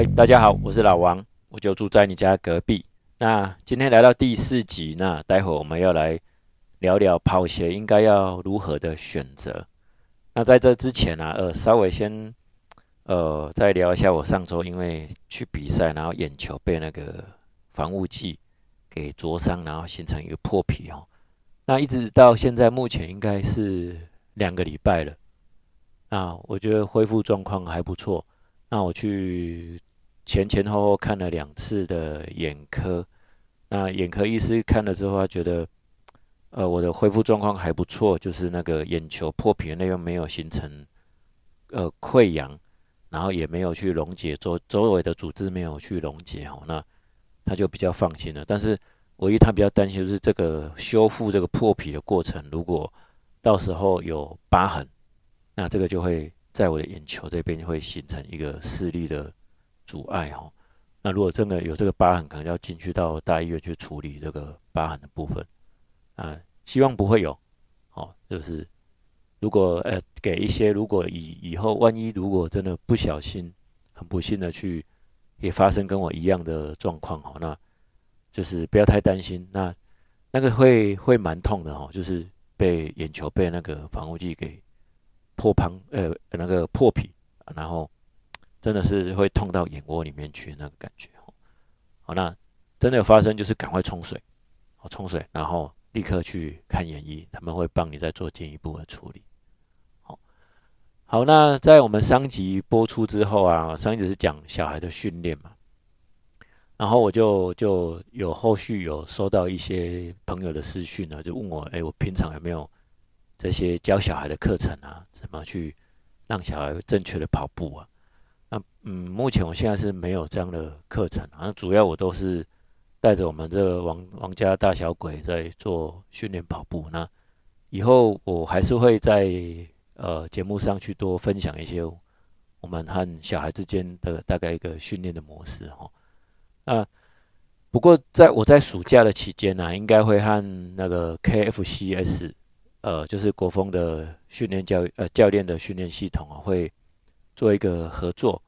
嗨，大家好，我是老王，我就住在你家隔壁。那今天來到第四集，那待會我們要來聊聊跑鞋應該要如何的選擇。那在這之前呢，啊，呃，稍微先呃再聊一下，我上周因為去比賽，然後眼球被那個防霧劑給灼傷，然後形成一個破皮哦。那一直到現在，目前應該是兩個禮拜了。啊，我覺得恢復狀況還不錯。那我去前前後後看了兩次的眼科，那眼科醫師看了之後，他覺得，呃，我的恢復狀況還不錯，就是那個眼球破皮的內容沒有形成呃潰瘍，然後也沒有去溶解，周周圍的組織沒有去溶解哦，那他就比較放心了。但是唯一他比較擔心就是這個修復這個破皮的過程，如果到時候有疤痕，那這個就會。在我的眼球這邊就會形成一個視力的阻礙哈、哦，那如果真的有這個疤痕，可能要進去到大醫院去處理這個疤痕的部分啊，希望不會有，哦，就是如果呃、哎、給一些，如果以以後萬一如果真的不小心很不幸的去也發生跟我一樣的狀況哈、哦，那就是不要太擔心，那那個會會蠻痛的哈、哦，就是被眼球被那個防護劑給。破盤呃、欸，那個破皮，然後真的是會痛到眼窩裡面去的那個感覺哦。好，那真的有發生，就是趕快沖水，沖水，然後立刻去看眼醫，他們會幫你再做進一步的處理。好，好，那在我們上集播出之後啊，上一集是講小孩的訓練嘛，然後我就就有後續有收到一些朋友的私訊啊，就問我，哎、欸，我平常有沒有？這些教小孩的課程啊，怎麼去讓小孩正確的跑步啊？那嗯，目前我現在是沒有這樣的課程啊。那主要我都是帶着我們這個王王家大小鬼在做訓練跑步。那以後我還是會在呃節目上去多分享一些我們和小孩之間的大概一個訓練的模式哈、哦。那不過在我在暑假的期間呢、啊，應該會和那個 KFCS。呃，就是國風的訓練教育，呃教練的訓練系統啊，會做一個合作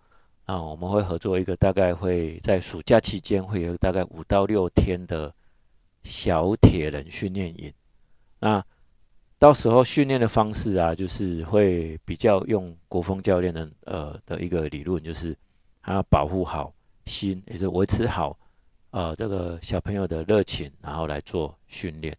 啊、呃，我們會合作一個大概會在暑假期間會有大概五到六天的小鐵人訓練營。那到時候訓練的方式啊，就是會比較用國風教練的呃的一個理論，就是還要保護好心，也就是維持好呃這個小朋友的熱情，然後來做訓練。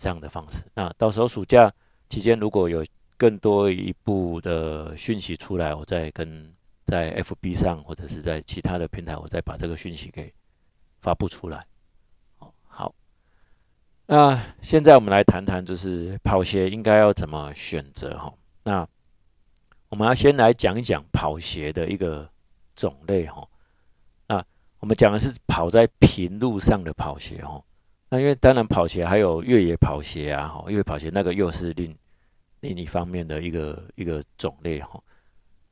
這樣的方式，那到時候暑假期間如果有更多一步的訊息出來，我再跟在 FB 上，或者是在其他的平台，我再把這個訊息給發布出來。好，那現在我們來談談，就是跑鞋應該要怎麼選擇哈。那我們要先來講一講跑鞋的一個種類哈。那我們講的是跑在平路上的跑鞋哈。那因為當然，跑鞋還有越野跑鞋啊，越野跑鞋那個又是另另一方面的一個一個種類，哈。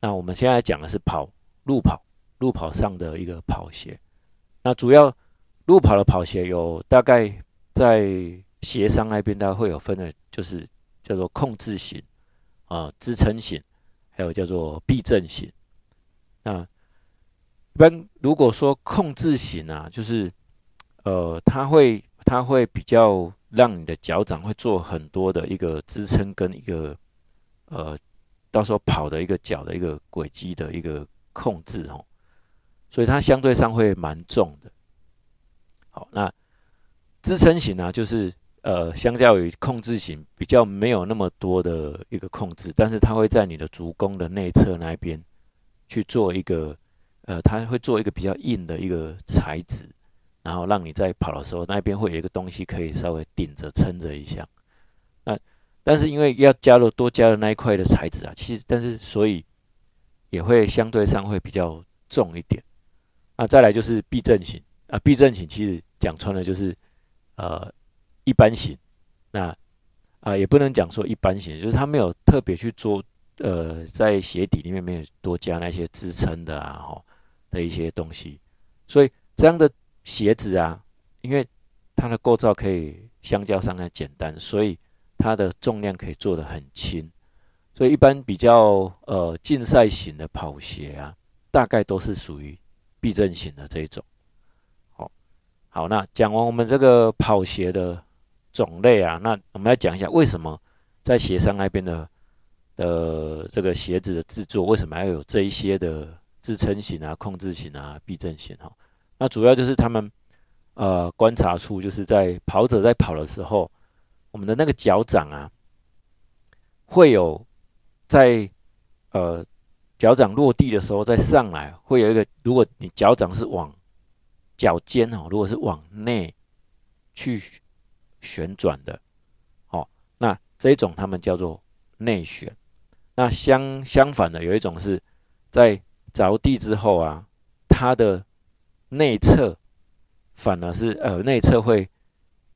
那我們現在講的是跑、路跑、路跑上的一個跑鞋。那主要路跑的跑鞋有大概在鞋商那邊，它會有分的，就是叫做控制型啊、呃，支撐型，還有叫做避震型。那一般如果說控制型啊，就是呃，它會。它會比較讓你的腳掌會做很多的一個支撐跟一個，呃，到時候跑的一個腳的一個軌跡的一個控制哦，所以它相對上會蠻重的。好，那支撐型呢，啊，就是呃，相較於控制型比較沒有那麼多的一個控制，但是它會在你的足弓的內側那邊去做一個，呃，它會做一個比較硬的一個材質。然後讓你在跑的時候，那邊會有一個東西可以稍微頂着撐着一下。那但是因為要加入多加的那一塊的材質啊，其實但是所以也會相對上會比較重一點。那再來就是避震型啊，避震型其實講穿了就是呃一般型。那啊、呃、也不能講說一般型，就是它沒有特別去做呃在鞋底裡面沒有多加那些支撐的啊哈、哦、的一些東西，所以這樣的。鞋子啊，因為它的構造可以相較上來簡單，所以它的重量可以做得很輕，所以一般比較呃競賽型的跑鞋啊，大概都是屬於避震型的這一種。好、哦，好，那講完我們這個跑鞋的種類啊，那我們來講一下為什麼在鞋商那邊的呃這個鞋子的制作，為什麼要有這一些的支撐型啊、控制型啊、避震型哈、啊。那主要就是他們，呃，觀察出就是在跑者在跑的時候，我們的那個腳掌啊，會有在呃腳掌落地的時候再上來，會有一個如果你腳掌是往腳尖哦，如果是往內去旋轉的，哦，那這一種他們叫做內旋。那相相反的有一種是在着地之後啊，它的內側反而是呃，內側會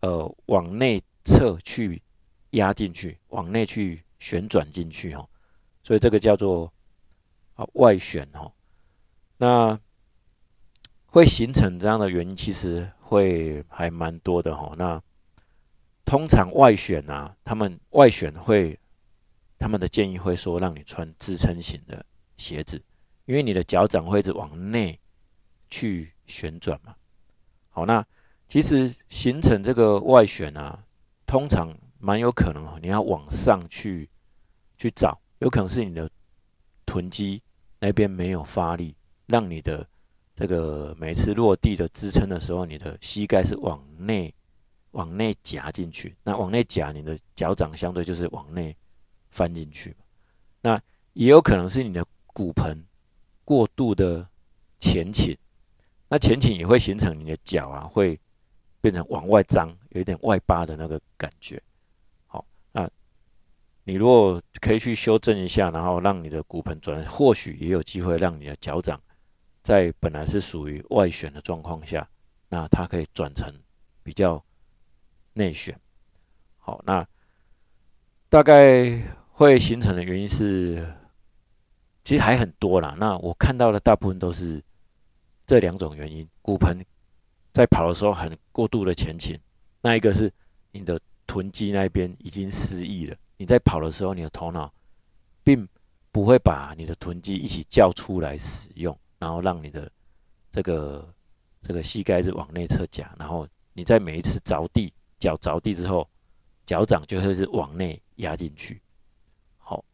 呃往內側去壓進去，往內去旋轉進去哦，所以這個叫做啊、呃、外旋哦，那會形成這樣的原因，其實會還蠻多的哈、哦。那通常外旋啊，他們外旋會他們的建議會說讓你穿支撐型的鞋子，因為你的腳掌會是往內。去旋轉嘛？好，那其實形成這個外旋啊，通常蠻有可能喔，你要往上去去找，有可能是你的臀肌那邊沒有發力，讓你的這個每次落地的支撐的時候，你的膝蓋是往內往內夾進去，那往內夾，你的腳掌相對就是往內翻進去嘛。那也有可能是你的骨盆過度的前傾。那前傾也會形成你的腳啊，會變成往外張，有一點外八的那個感覺。好，那你如果可以去修正一下，然後讓你的骨盆轉，或許也有機會讓你的腳掌在本來是屬於外旋的狀況下，那它可以轉成比較內旋。好，那大概會形成的原因是，其實還很多啦。那我看到的大部分都是。這兩種原因，骨盆在跑的時候很過度的前傾，那一個是你的臀肌那邊已經失憶了。你在跑的時候，你的頭腦並不會把你的臀肌一起叫出來使用，然後讓你的這個這個膝蓋是往內側夾，然後你在每一次着地腳着地之後，腳掌就會是往內壓進去。好，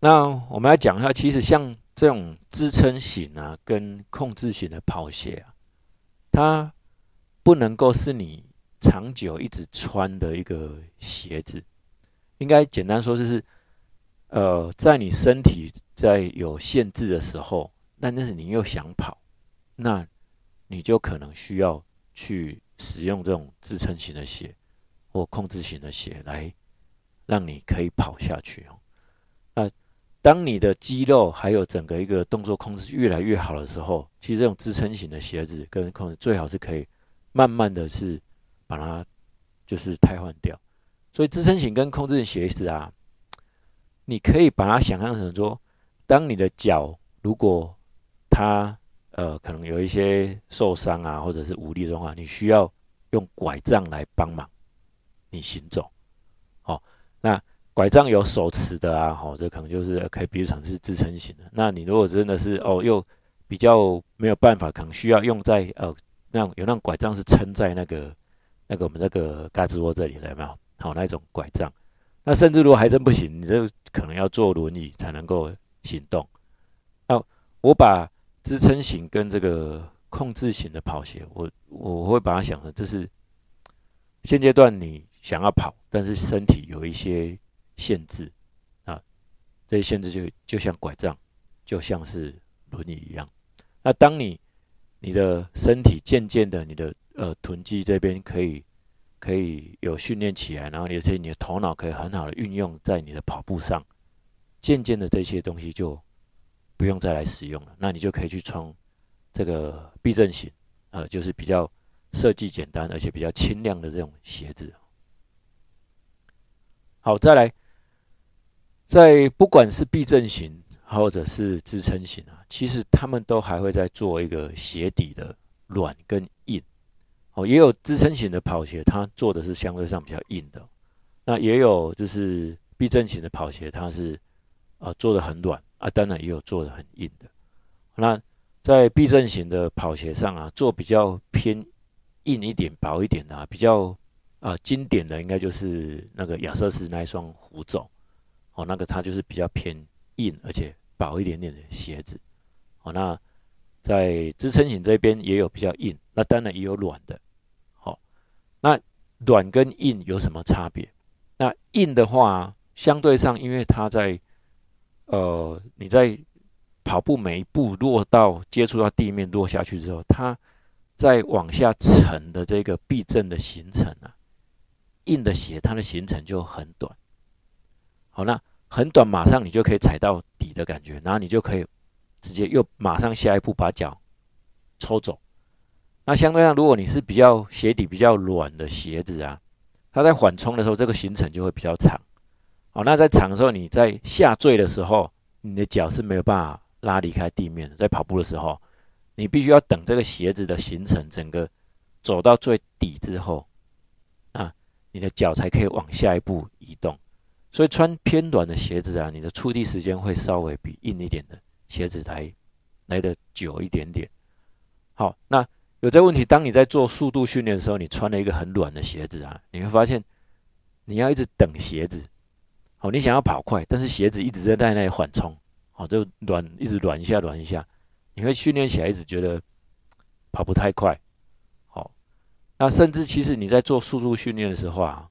那我們來講一下，其實像。這種支撐型啊，跟控制型的跑鞋啊，它不能夠是你長久一直穿的一個鞋子。應該簡單說就是，呃，在你身體在有限制的時候，但但是你又想跑，那你就可能需要去使用這種支撐型的鞋，或控制型的鞋來讓你可以跑下去哦。當你的肌肉還有整個一個動作控制越來越好的時候，其實這種支撐型的鞋子跟控制最好是可以慢慢的是把它就是替換掉，所以支撐型跟控制型鞋子啊，你可以把它想象成說，當你的腳如果它呃可能有一些受傷啊，或者是無力的話，你需要用拐杖來幫忙你行走哦，那。拐杖有手持的啊，吼、哦，這可能就是可以，比喻成是支撐型的。那你如果真的是哦，又比較沒有辦法，可能需要用在哦，讓、呃、有那種拐杖是撐在那個那個我們那個胳肢窩這裡，有沒有？好、哦，那一種拐杖。那甚至如果還真不行，你這可能要坐輪椅才能夠行動。那我把支撐型跟這個控制型的跑鞋，我我會把它想成，就是現階段你想要跑，但是身體有一些。限制啊，這些限制就就像拐杖，就像是輪椅一樣。那當你你的身體漸漸的、的，你的呃臀肌這邊可以可以有訓練起來，然後而且你的頭腦可以很好的運用在你的跑步上，漸漸的這些東西就不用再來使用了。那你就可以去穿這個避震型，呃、啊，就是比較設計簡單而且比較輕量的這種鞋子。好，再來。在不管是避震型或者是支撐型啊，其實他們都還會再做一個鞋底的軟跟硬哦。也有支撐型的跑鞋，它做的是相對上比較硬的。那也有就是避震型的跑鞋，它是啊、呃、做的很軟啊，當然也有做的很硬的。那在避震型的跑鞋上啊，做比較偏硬一點、薄一點的、啊，比較啊、呃、經典的應該就是那個亞瑟士那一雙虎走。哦，那個它就是比較偏硬，而且薄一點點的鞋子。哦，那在支撐型這邊也有比較硬，那當然也有軟的。好、哦，那軟跟硬有什麼差別？那硬的話，相對上因為它在，呃，你在跑步每一步落到接觸到地面落下去之後，它在往下沉的這個避震的行程啊，硬的鞋它的行程就很短。好，那很短，馬上你就可以踩到底的感覺，然後你就可以直接又馬上下一步把腳抽走。那相對上，如果你是比較鞋底比較軟的鞋子啊，它在緩衝的時候，這個行程就會比較長。好，那在長的時候，你在下墜的時候，你的腳是沒有辦法拉離開地面的。在跑步的時候，你必須要等這個鞋子的行程整個走到最底之後，啊，你的腳才可以往下一步移動。所以穿偏軟的鞋子啊，你的觸地時間會稍微比硬一點的鞋子來來得久一點點。好，那有這個問題，當你在做速度訓練的時候，你穿了一個很軟的鞋子啊，你會發現你要一直等鞋子。好、哦，你想要跑快，但是鞋子一直在在那裡緩衝，好、哦，就軟一直軟一下軟一下，你會訓練起來一直覺得跑不太快。好，那甚至其實你在做速度訓練的時候啊。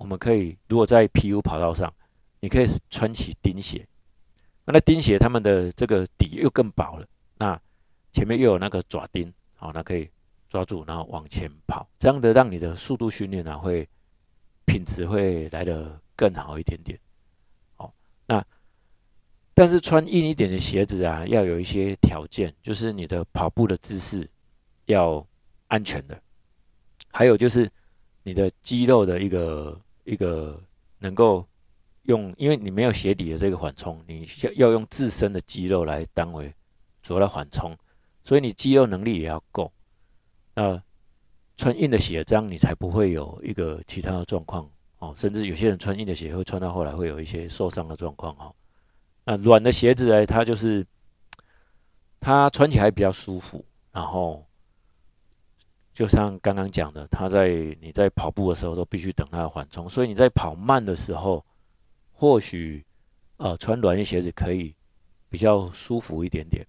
我們可以，如果在 PU 跑道上，你可以穿起釘鞋。那，那釘鞋它們的這個底又更薄了，那前面又有那個爪釘，好、哦，那可以抓住，然後往前跑。這樣的讓你的速度訓練呢、啊、會品質會來得更好一點點。好、哦，那但是穿硬一點的鞋子啊，要有一些條件，就是你的跑步的姿勢要安全的，還有就是你的肌肉的一個。一個能夠用，因為你沒有鞋底的這個緩衝，你要要用自身的肌肉來當為主要來緩衝，所以你肌肉能力也要夠。那穿硬的鞋，這樣你才不會有一個其他的狀況哦。甚至有些人穿硬的鞋，會穿到後來會有一些受傷的狀況哦。那軟的鞋子呢，它就是它穿起來比較舒服，然後。就像剛剛講的，他在你在跑步的時候都必須等它的緩衝，所以你在跑慢的時候，或許呃穿軟的鞋子可以比較舒服一點點。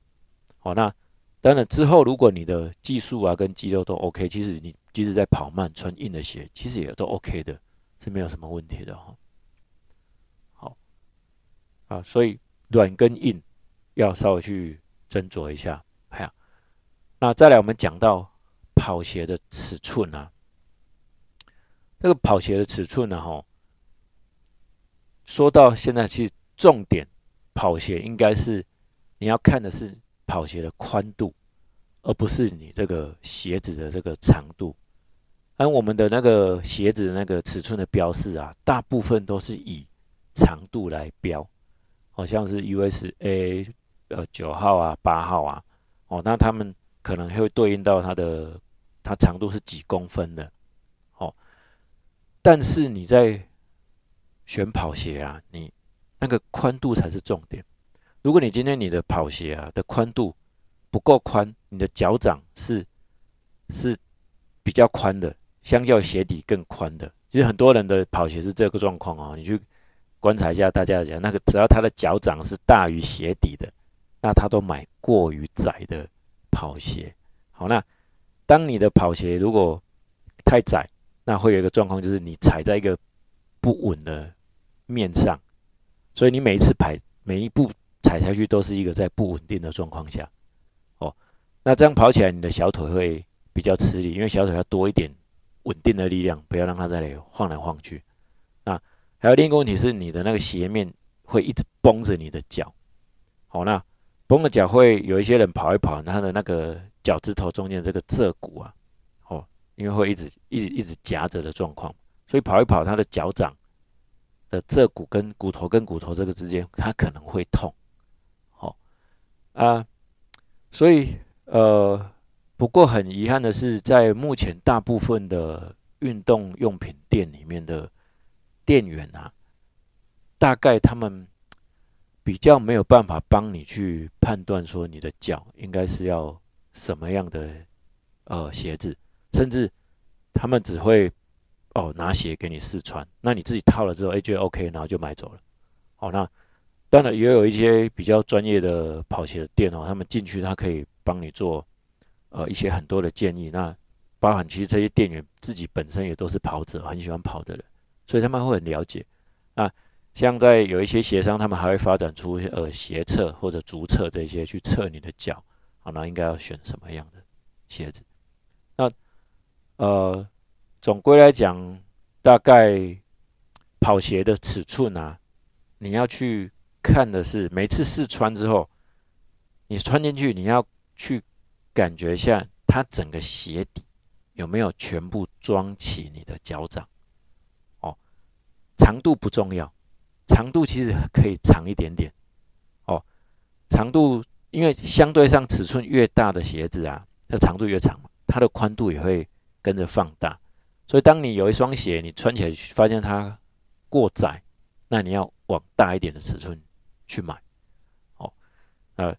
好，那當然之後如果你的技術啊跟肌肉都 OK，其實你即使在跑慢穿硬的鞋，其實也都 OK 的，是沒有什麼問題的哈、哦。好，啊，所以軟跟硬要稍微去斟酌一下。哎呀、啊，那再來我們講到。跑鞋的尺寸呢、啊？這、那個跑鞋的尺寸呢？吼，說到現在，其實重點跑鞋應該是你要看的是跑鞋的寬度，而不是你這個鞋子的這個長度。按我們的那個鞋子的那個尺寸的標示啊，大部分都是以長度來標，好、哦、像是 USA 呃，九號啊，八號啊，哦，那他們可能會對應到他的。它長度是幾公分的，哦，但是你在選跑鞋啊，你那個寬度才是重點。如果你今天你的跑鞋啊的寬度不夠寬，你的腳掌是是比較寬的，相較鞋底更寬的，其實很多人的跑鞋是這個狀況哦。你去觀察一下大家的腳，那個只要他的腳掌是大於鞋底的，那他都買過於窄的跑鞋。好，那。當你的跑鞋如果太窄，那會有一個狀況，就是你踩在一個不穩的面上，所以你每一次跑，每一步踩下去都是一個在不穩定的狀況下，哦，那這樣跑起來你的小腿會比較吃力，因為小腿要多一點穩定的力量，不要讓它在那裡晃來晃去。那還有另一個問題是，你的那個鞋面會一直繃着你的腳，好，哦，那繃的腳會有一些人跑一跑，他的那個。腳趾頭中間這個蹠骨啊，哦，因為會一直一直一直夾着的狀況，所以跑一跑，它的腳掌的蹠骨跟骨頭跟骨頭這個之間，它可能會痛。好、哦、啊，所以呃，不過很遺憾的是，在目前大部分的運動用品店裡面的店員啊，大概他們比較沒有辦法幫你去判斷說你的腳應該是要。什麼樣的呃鞋子，甚至他們只會哦拿鞋給你試穿，那你自己套了之後，哎覺得 OK，然後就買走了。哦，那當然也有一些比較專業的跑鞋的店哦，他們進去他可以幫你做呃一些很多的建議，那包含其實這些店員自己本身也都是跑者，很喜歡跑的人，所以他們會很了解。那像在有一些鞋商，他們還會發展出呃鞋測或者足測這些去測你的腳。好，那應該要選什麼樣的鞋子？那呃，總歸來講，大概跑鞋的尺寸呢啊，你要去看的是每次試穿之後，你穿進去，你要去感覺一下，它整個鞋底有沒有全部裝起你的腳掌？哦，長度不重要，長度其實可以長一點點。哦，長度。因為相對上尺寸越大的鞋子啊，它長度越長嘛，它的寬度也會跟着放大。所以當你有一雙鞋，你穿起來發現它過窄，那你要往大一點的尺寸去買。好、哦，呃，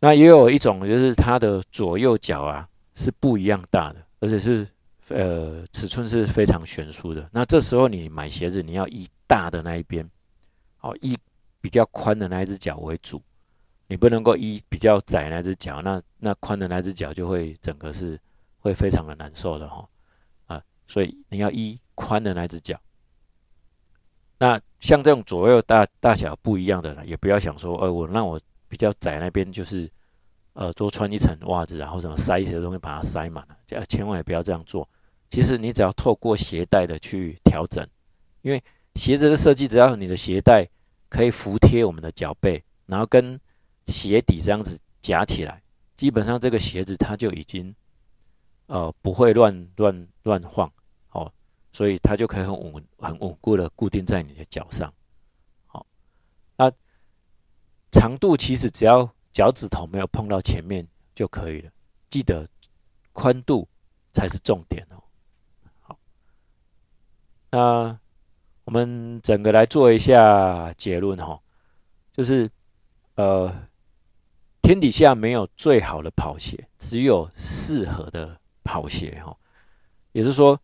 那也有一種就是它的左右腳啊是不一樣大的，而且是呃尺寸是非常懸殊的。那這時候你買鞋子，你要以大的那一邊，好、哦，以比較寬的那一隻腳為主。你不能夠依比較窄的那隻腳，那那寬的那隻腳就會整個是會非常的難受的哈啊，所以你要依寬的那隻腳。那像這種左右大大小不一樣的啦，也不要想說，呃、欸，我讓我比較窄那邊就是，呃，多穿一層襪子，然後什麼塞一些東西把它塞滿，這千萬也不要這樣做。其實你只要透過鞋帶的去調整，因為鞋子的設計只要你的鞋帶可以服貼我們的腳背，然後跟鞋底這樣子夾起來，基本上這個鞋子它就已經，呃，不會亂亂亂晃，哦，所以它就可以很穩很穩固的固定在你的腳上，好，那長度其實只要腳趾頭沒有碰到前面就可以了，記得寬度才是重點哦，好，那我們整個來做一下結論哈，就是，呃。天底下沒有最好的跑鞋，只有適合的跑鞋哦。也是說，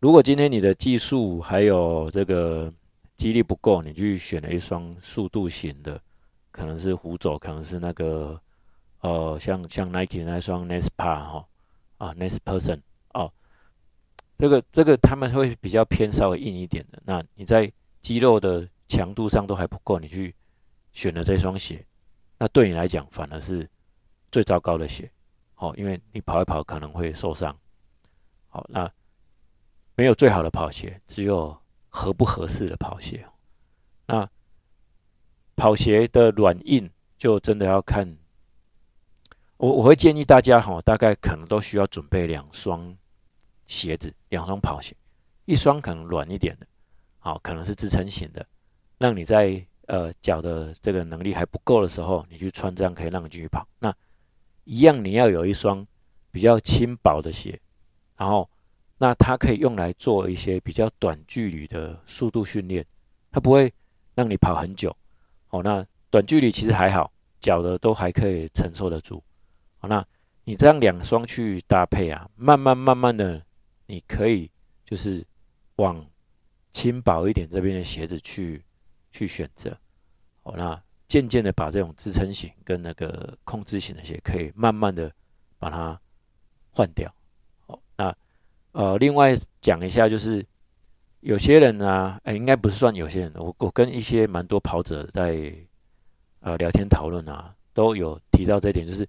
如果今天你的技術還有這個肌力不夠，你去選了一雙速度型的，可能是虎走，可能是那個呃，像像 Nike 那雙 Nespa 哈、哦，啊 Nesperson 哦，這個這個他們會比較偏稍微硬一點的。那你在肌肉的強度上都還不夠，你去選了這雙鞋。那對你來講反而是最糟糕的鞋，好，因為你跑一跑可能會受傷。好，那沒有最好的跑鞋，只有合不合適的跑鞋。那跑鞋的軟硬就真的要看。我我會建議大家哈，大概可能都需要準備兩雙鞋子，兩雙跑鞋，一雙可能軟一點的，好，可能是支撐型的，讓你在呃，腳的這個能力還不夠的時候，你去穿這樣可以讓你繼續跑。那一樣，你要有一雙比較輕薄的鞋，然後那它可以用來做一些比較短距離的速度訓練，它不會讓你跑很久。哦，那短距離其實還好，腳的都還可以承受得住。哦，那你這樣兩雙去搭配啊，慢慢慢慢的，你可以就是往輕薄一點這邊的鞋子去去選擇。哦，那漸漸的把這種支撐型跟那個控制型的鞋，可以慢慢的把它換掉。哦，那呃，另外講一下，就是有些人呢、啊，哎、欸，應該不是算有些人，我我跟一些蠻多跑者在呃聊天討論啊，都有提到這一點，就是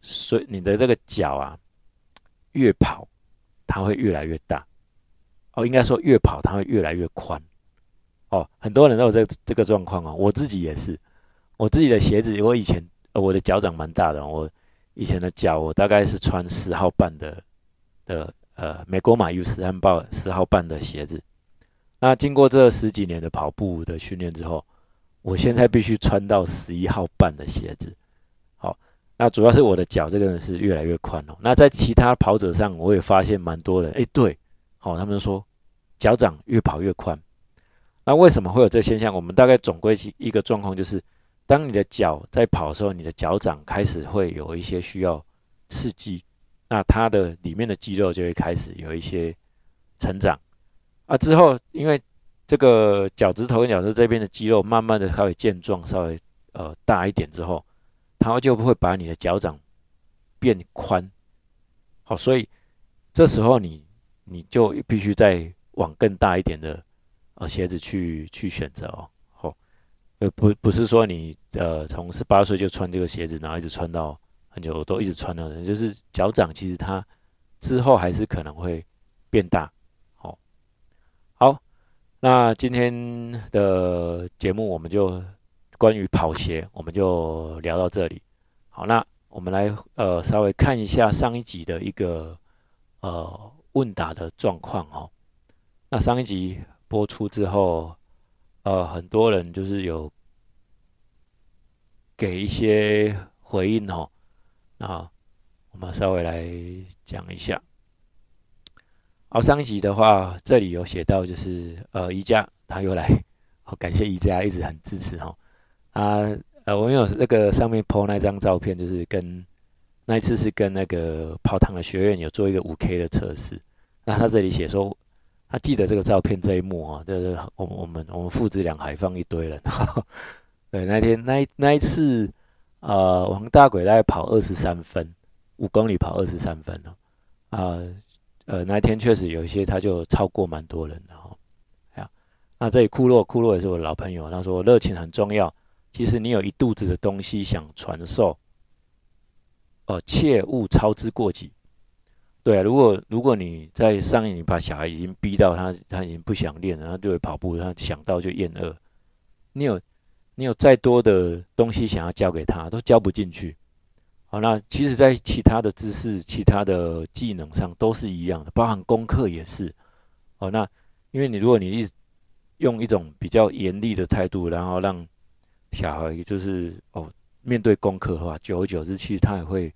所以你的這個腳啊，越跑它會越來越大，哦，應該說越跑它會越來越寬。哦，很多人都有這個、這個狀況啊，我自己也是。我自己的鞋子，因為我以前、呃、我的腳掌蠻大的，我以前的腳我大概是穿十號半的的呃美國碼 U 十號半十號半的鞋子。那經過這十幾年的跑步的訓練之後，我現在必須穿到十一號半的鞋子。好、哦，那主要是我的腳這個人是越來越寬了、哦。那在其他跑者上，我也發現蠻多人，哎、欸，對，好、哦，他們說腳掌越跑越寬。那為什麼會有這現象？我們大概總歸一個狀況就是，當你的腳在跑的時候，你的腳掌開始會有一些需要刺激，那它的裡面的肌肉就會開始有一些成長。啊，之後因為這個腳趾頭跟腳趾這邊的肌肉慢慢的開始健壯，稍微呃大一點之後，它就會把你的腳掌變寬。好，所以這時候你你就必須再往更大一點的。鞋子去去選擇哦，呃、哦、不不是說你呃從十八歲就穿這個鞋子，然後一直穿到很久都一直穿的人，就是腳掌其實它之後還是可能會變大，好、哦，好，那今天的節目我們就關於跑鞋，我們就聊到這裡。好，那我們來呃稍微看一下上一集的一個呃問答的狀況哦，那上一集。播出之後，呃，很多人就是有給一些回應哦，那我們稍微來講一下。好，上一集的話，這裡有寫到就是呃，宜家他又來，好感謝宜家一直很支持哦。啊，呃，我有那個上面 po 那張照片，就是跟那一次是跟那個泡湯的學員有做一個五 K 的測試，那他這裡寫說。他、啊、記得這個照片這一幕啊、哦，就是我們我們我們父子倆還放一堆人。 對，那天那那一次，呃，王大鬼大概跑二十三分，五公里跑二十三分了。啊、呃，呃，那天確實有一些他就超過蠻多人的。啊，那這裡庫洛庫洛也是我的老朋友，他說我熱情很重要，其實你有一肚子的東西想傳授，哦、呃，切勿操之過急。對啊，如果如果你在上一年你把小孩已經逼到他，他已經不想練了，他就會跑步，他想到就厭惡。你有，你有再多的東西想要教給他，都教不進去。好、哦，那其實在其他的知識、其他的技能上都是一樣的，包含功課也是。哦，那因為你如果你一直用一種比較嚴厲的態度，然後讓小孩就是哦面對功課的話，久而久之，其實他也會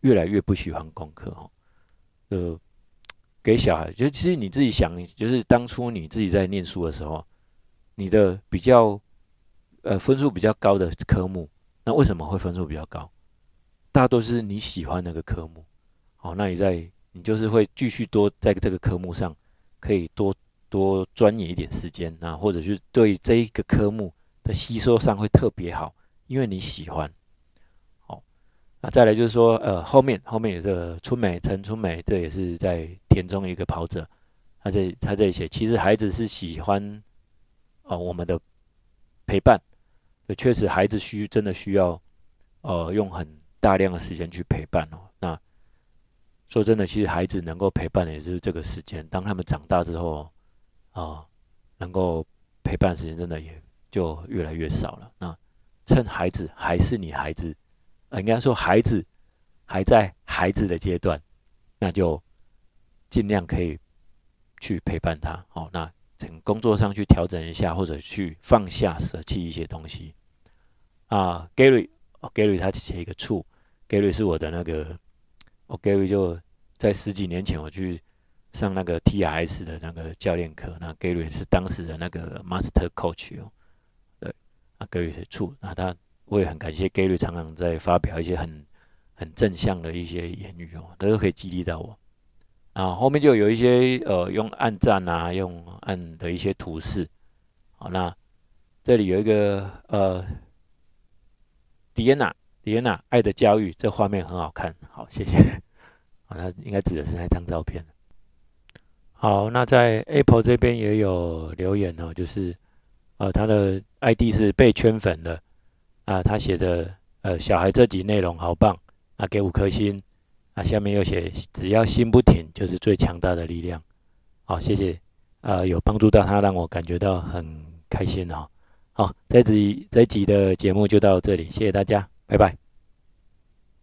越來越不喜歡功課哦。呃，給小孩，就其實你自己想，就是當初你自己在念書的時候，你的比較，呃，分數比較高的科目，那為什麼會分數比較高？大多是你喜歡那個科目，好，那你在你就是會繼續多在這個科目上可以多多鑽研一點時間啊，那或者是對這一個科目的吸收上會特別好，因為你喜歡。那再來就是說，呃，後面後面有這個春美陳春美，這也是在田中一個跑者，他在他在寫。其實孩子是喜歡，啊、呃，我們的陪伴，確實孩子需真的需要，呃，用很大量的時間去陪伴哦。那說真的，其實孩子能夠陪伴的也是這個時間。當他們長大之後，哦、呃，能夠陪伴的時間真的也就越來越少了。那趁孩子還是你孩子。應該說，孩子還在孩子的階段，那就儘量可以去陪伴他。好、哦，那從工作上去調整一下，或者去放下、舍棄一些東西。啊，Gary，Gary、哦、Gary 他是一個處，Gary 是我的那個，哦，Gary 就在十幾年前我去上那個 TIS 的那個教練課，那 Gary 是當時的那個 Master Coach 哦。對，啊，Gary 是處，那他。我也很感謝 Gary 常常在發表一些很很正向的一些言語哦，都可以激勵到我。啊，後面就有一些呃用按讚啊，用按的一些圖示。好，那這裡有一個呃，Diana，Diana 愛的教育，這畫面很好看。好，謝謝。啊，應該指的是那張照片。好，那在 Apple 這邊也有留言哦，就是呃，他的 ID 是被圈粉的。啊，他寫的，呃，小孩這集內容好棒，啊，給五顆星，啊，下面又寫，只要心不停，就是最強大的力量，好，謝謝，呃，有幫助到他，讓我感覺到很開心。好，哦，好，這一集這一集的節目就到這裡，謝謝大家，拜拜。